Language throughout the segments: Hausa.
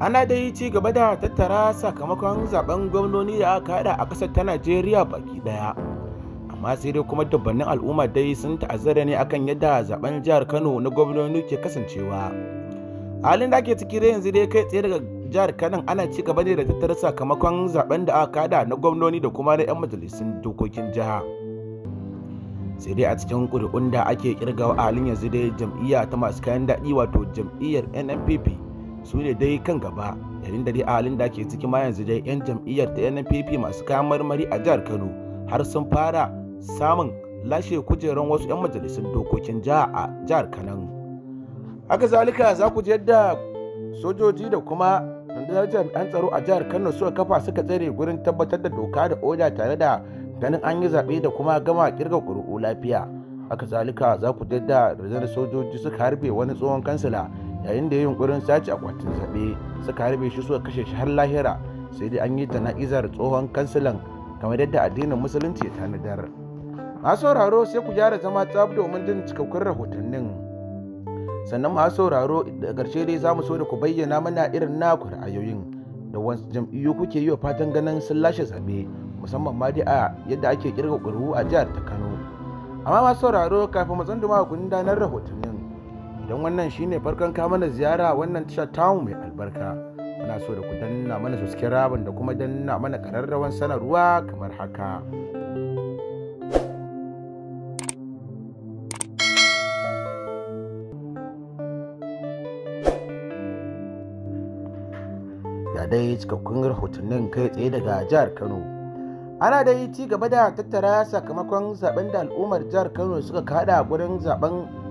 ana dai ci gaba da tattara sakamakon zaben gwamnoni da aka hada a kasar ta najeriya baki daya amma sai dai kuma dubbannin al'umma dai sun ta'azzara ne akan yadda zaben jihar kano na gwamnoni ke kasancewa halin da ake ciki da yanzu dai kai tsaye daga jihar kano ana ci gaba ne da tattara sakamakon zaben da aka hada na gwamnoni da kuma na 'yan majalisun dokokin jiha sai dai a cikin ƙuri'un da ake kirgawa a halin yanzu dai jam'iyya ta masu kayan daɗi wato jam'iyyar nnpp su ne dai kan gaba yayin da dai a halin da ke ciki ma yanzu dai 'yan jam'iyyar ta NPP masu kayan marmari a jihar Kano har sun fara samun lashe kujeran wasu 'yan majalisun dokokin jiha a jihar Kano. Haka zalika za ku ji yadda sojoji da kuma rundunar jami'an tsaro a jihar Kano suka kafa suka tsere gurin tabbatar da doka da oda tare da ganin an yi zaɓe da kuma gama kirga ƙuri'u lafiya. Haka zalika za ku ji yadda sojoji suka harbe wani tsohon kansila yayin da ya yunkurin sace akwatin zaɓe suka harbe shi suka kashe shi har lahira sai dai an yi jana'izar tsohon kansilan kamar yadda addinin musulunci ya tanadar masu sauraro sai ku gyara zama tsab domin jin cikakkun rahotannin sannan masu sauraro da ƙarshe dai za mu so da ku bayyana mana irin naku ra'ayoyin da wasu jam'iyyu kuke yi wa fatan ganin sun lashe zaɓe musamman ma dai a yadda ake kirga ƙuri'u a jihar ta kano amma masu sauraro kafin mu zanduma ku gudanar rahotanni Don wannan shine farkon ka mana ziyara wannan tashar tamu mai albarka muna so da ku danna mana subscribe da kuma danna mana kararrawan sanarwa kamar haka Ya dai cikakkun rahotannin kai tsaye daga jihar kano ana dai ci gaba da tattara sakamakon zaben da al'ummar jihar kano suka kada gurin zaben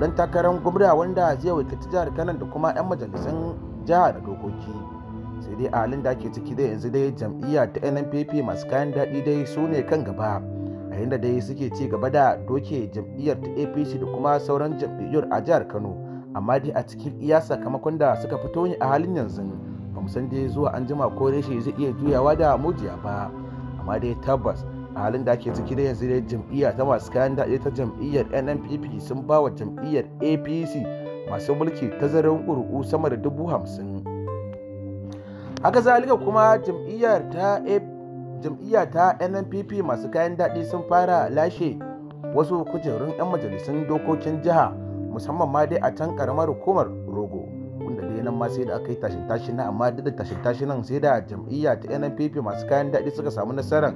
dan takarar gwamna wanda zai wakilci jihar Kano da kuma 'yan majalisun jihar da dokoki sai dai a halin da ake ciki da yanzu dai jam'iyya ta NNPP masu kayan daɗi dai su ne kan gaba a yadda dai suke ci gaba da doke jam'iyyar ta APC da kuma sauran jam'iyyar a jihar Kano amma dai a cikin iya sakamakon da suka fito ne a halin yanzu ba mu san dai zuwa an jima ko reshe zai iya juyawa da mujiya ba amma dai tabbas a halin da ake ciki da yanzu dai jam'iyya ta masu kayan daɗe ta jam'iyyar nnpp sun ba wa jam'iyyar apc masu mulki tazarin ƙuri'u sama da dubu hamsin haka zalika kuma jam'iyyar ta nnpp masu kayan daɗi sun fara lashe wasu kujerun 'yan majalisun dokokin jiha musamman ma dai a can karamar hukumar rogo wanda dai nan ma sai da aka yi tashin tashin amma duk da tashin tashin nan sai da jam'iyya ta nnpp masu kayan daɗi suka samu nasarar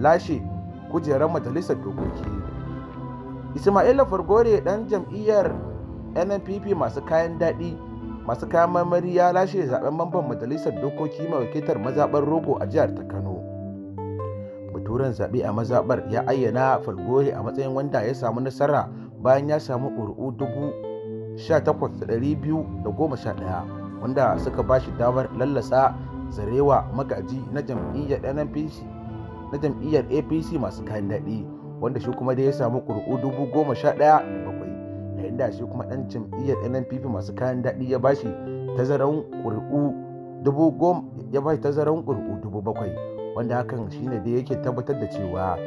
lashe kujerar majalisar dokoki ismaila fargore dan jam'iyyar nnpp masu kayan daɗi masu kayan marmari ya lashe zaben mamban majalisar dokoki mai wakiltar mazaɓar rogo a jihar ta kano baturen zaɓe a mazaɓar ya ayyana falgore a matsayin wanda ya samu nasara bayan ya samu ƙuri'u dubu 18,211 wanda suka ba shi damar lallasa zarewa magaji na jam'iyyar nnpc na jam'iyyar apc masu kayan daɗi wanda shi kuma da ya samu ƙuri'u dubu goma sha ɗaya da bakwai yayin da shi kuma ɗan jam'iyyar nnpp masu kayan daɗi ya bashi tazaran ƙuri'u dubu bakwai wanda hakan shine da yake tabbatar da cewa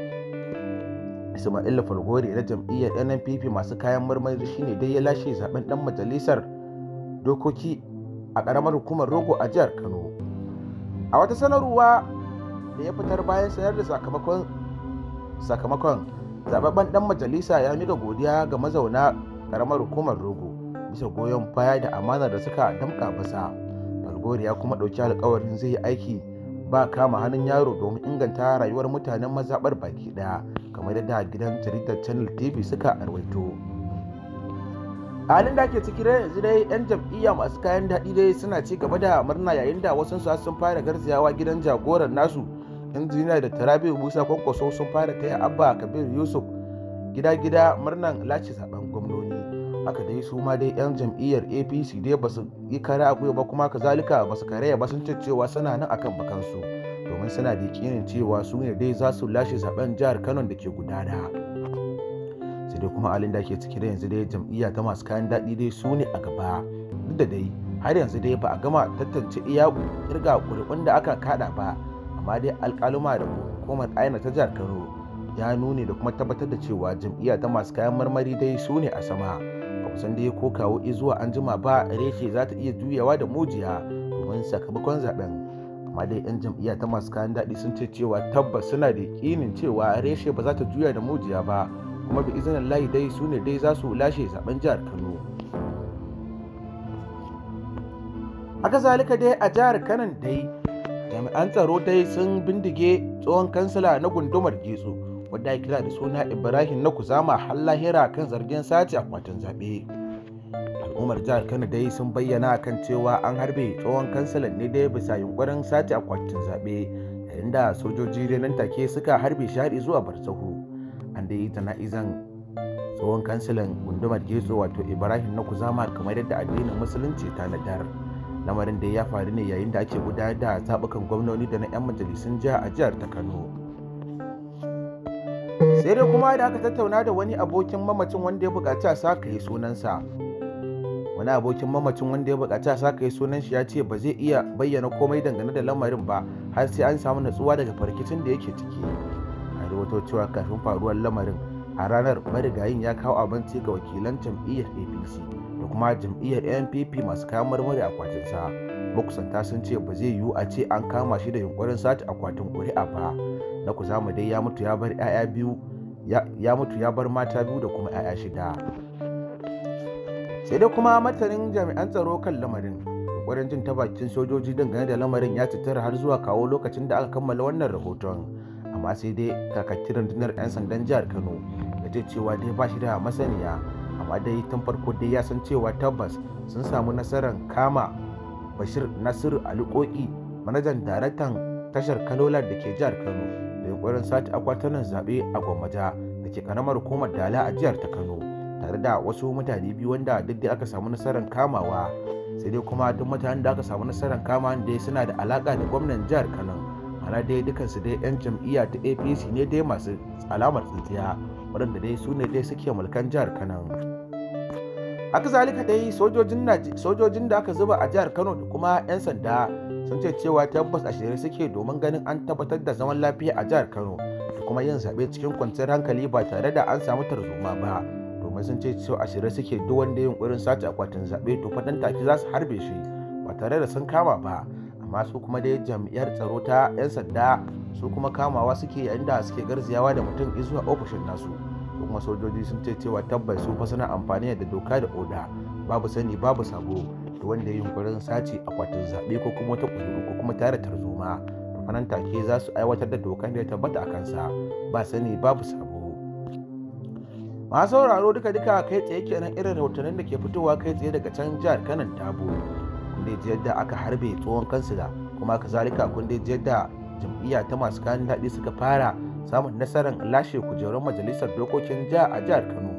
ismail falgore na jam'iyyar nnpp masu kayan marmari shine dai ya lashe zaben ɗan majalisar dokoki a ƙaramar hukumar rogo a jihar kano a wata sanarwa da ya fitar bayan sayar da sakamakon sakamakon zababben dan majalisa ya mika godiya ga mazauna karamar hukumar rogo bisa goyon baya da amana da suka damka basa falgore ya kuma ɗauki alkawarin zai yi aiki ba kama hannun yaro domin inganta rayuwar mutanen mazaɓar baki ɗaya kamar yadda gidan jaridar channel tv suka arwaito halin da cikin ciki yanzu dai yan jam'iyya masu kayan daɗi dai suna ci gaba da murna yayin da wasu sun fara garzayawa gidan jagoran nasu injiniya da tarabiyu musa kwankwaso sun fara taya abba kabir yusuf gida-gida murnan lace zaben gwamnoni aka dai su ma dai yan jam'iyyar apc dai ba su yi kare a ba kuma kazalika ba su karaya ba sun ce cewa suna nan akan bakansu domin suna da yakinin cewa su ne dai za su lashe zaben jihar kano da ke gudana sai dai kuma halin da ke ciki da yanzu dai jam'iyya ta masu kayan daɗi dai su ne a gaba duk da dai har yanzu dai ba a gama tantance iya kirga ƙuri'un da aka kada ba amma dai alkaluma da hukumar aina ta jihar kano ya nuni da kuma tabbatar da cewa jam'iyya ta masu kayan marmari dai su ne a sama ba kusan dai ko kawo izuwa an jima ba reshe za ta iya juyawa da mujiya domin sakamakon zaben amma dai yan jam'iyya ta masu kayan daɗi sun ce cewa tabbas suna da yakinin cewa reshe ba za ta juya da mujiya ba kuma bi izinin layi dai su ne dai za su lashe zaben jihar kano haka zalika dai a jihar kanan dai jami'an tsaro dai sun bindige tsohon kansila na gundumar getso wadda ya kira da suna ibrahim na kuzama har lahira kan zargin sace akwatin zaɓe al'ummar jihar kano dai sun bayyana kan cewa an harbe tsohon kansilan ne dai bisa yunkurin sace akwatin zaɓe yayin da sojoji da nan take suka harbe shaɗi zuwa barsahu an dai izan tsohon kansilan gundumar getso wato ibrahim na kuzama kamar yadda addinin musulunci ta nadar. lamarin da ya faru ne yayin da ake gudanar da zaɓukan gwamnoni da na 'yan majalisun jiha a jihar ta kano sai dai kuma da aka tattauna da wani abokin mamacin wanda ya buƙaci a saka yi sunansa wani abokin mamacin wanda ya buƙaci a saka yi sunan shi ya ce ba zai iya bayyana komai dangane da lamarin ba har sai an samu natsuwa daga farkicin da yake ciki a rawato cewa kafin faruwar lamarin a ranar marigayin ya kawo abinci ga wakilan jam'iyyar apc da kuma jam'iyyar npp masu kayan marmari akwatin sa makusanta sun ce ba zai yiwu a ce an kama shi da yunkurin sati akwatin ƙuri'a ba na zama dai ya mutu ya bar 'ya'ya biyu ya mutu ya bar mata biyu da kuma 'ya'ya shida sai dai kuma matarin jami'an tsaro kan lamarin yunkurin jin ta bakin sojoji dangane da lamarin ya tattara har zuwa kawo lokacin da aka kammala wannan rahoton amma sai dai kakakin rundunar 'yan sandan jihar kano da cewa dai ba shi da masaniya amma dai tun farko dai ya san cewa tabbas sun samu nasarar kama bashir nasiru alikoki manajan daraktan tashar kalola da ke jihar kano da yunkurin sati akwatunan zaɓe a gwammaja da ke karamar hukumar dala a jihar ta kano tare da wasu mutane biyu wanda duk da aka samu nasarar kamawa sai dai kuma duk mutanen da aka samu nasarar kama dai suna da alaka da gwamnan jihar kano ana dai dukansu dai yan jam'iyya ta apc ne dai masu alamar tsintsiya waɗanda dai su ne dai suke mulkan jihar kano haka zalika dai sojojin da aka zuba a jihar kano da kuma 'yan sanda sun ce cewa tabbas a shirye suke domin ganin an tabbatar da zaman lafiya a jihar kano da kuma yin zaɓe cikin kwanciyar hankali ba tare da an samu tarzoma ba domin sun ce cewa a shirye suke duk wanda yunkurin sace akwatin zaɓe to faɗan take za su harbe shi ba tare da sun kama ba amma su kuma dai jami'ar tsaro ta 'yan sanda su kuma kamawa suke yayin da suke garziyawa da mutum izuwa ofishin nasu. kuma sojoji sun ce cewa tabbas su fa suna amfani da doka da oda babu sani babu sabo da wanda ya yunkurin sace akwatin zaɓe ko kuma wata ƙuduru ko kuma tare tarzoma nan take za su aiwatar da dokan da ya tabbata a kansa ba sani babu sabo masu sauraro duka duka kai tsaye kenan irin rahotannin da ke fitowa kai tsaye daga can jihar kanan tabo kun dai yadda aka harbe tsohon kansila kuma kazalika kun dai yadda jam'iyya ta masu kayan daɗi suka fara samun nasarar lashe kujerun majalisar dokokin ja a jihar kano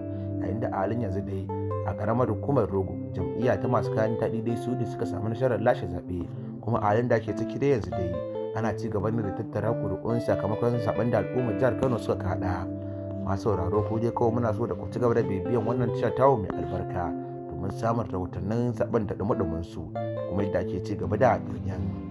yayin da a halin yanzu dai a karamar hukumar rogo jam'iyya ta masu kayan daɗi dai su ne suka samu nasarar lashe zaɓe kuma a da ke ciki dai yanzu dai ana ci gaba da tattara kuri'un sakamakon zaɓen da al'ummar jihar kano suka kaɗa masu sauraro ko dai kawai muna so da ku ci gaba da bibiyan wannan tashar tawo mai albarka domin samun rahotannin zaɓen da ɗumi su kuma yadda ake ci gaba da ɗunyan.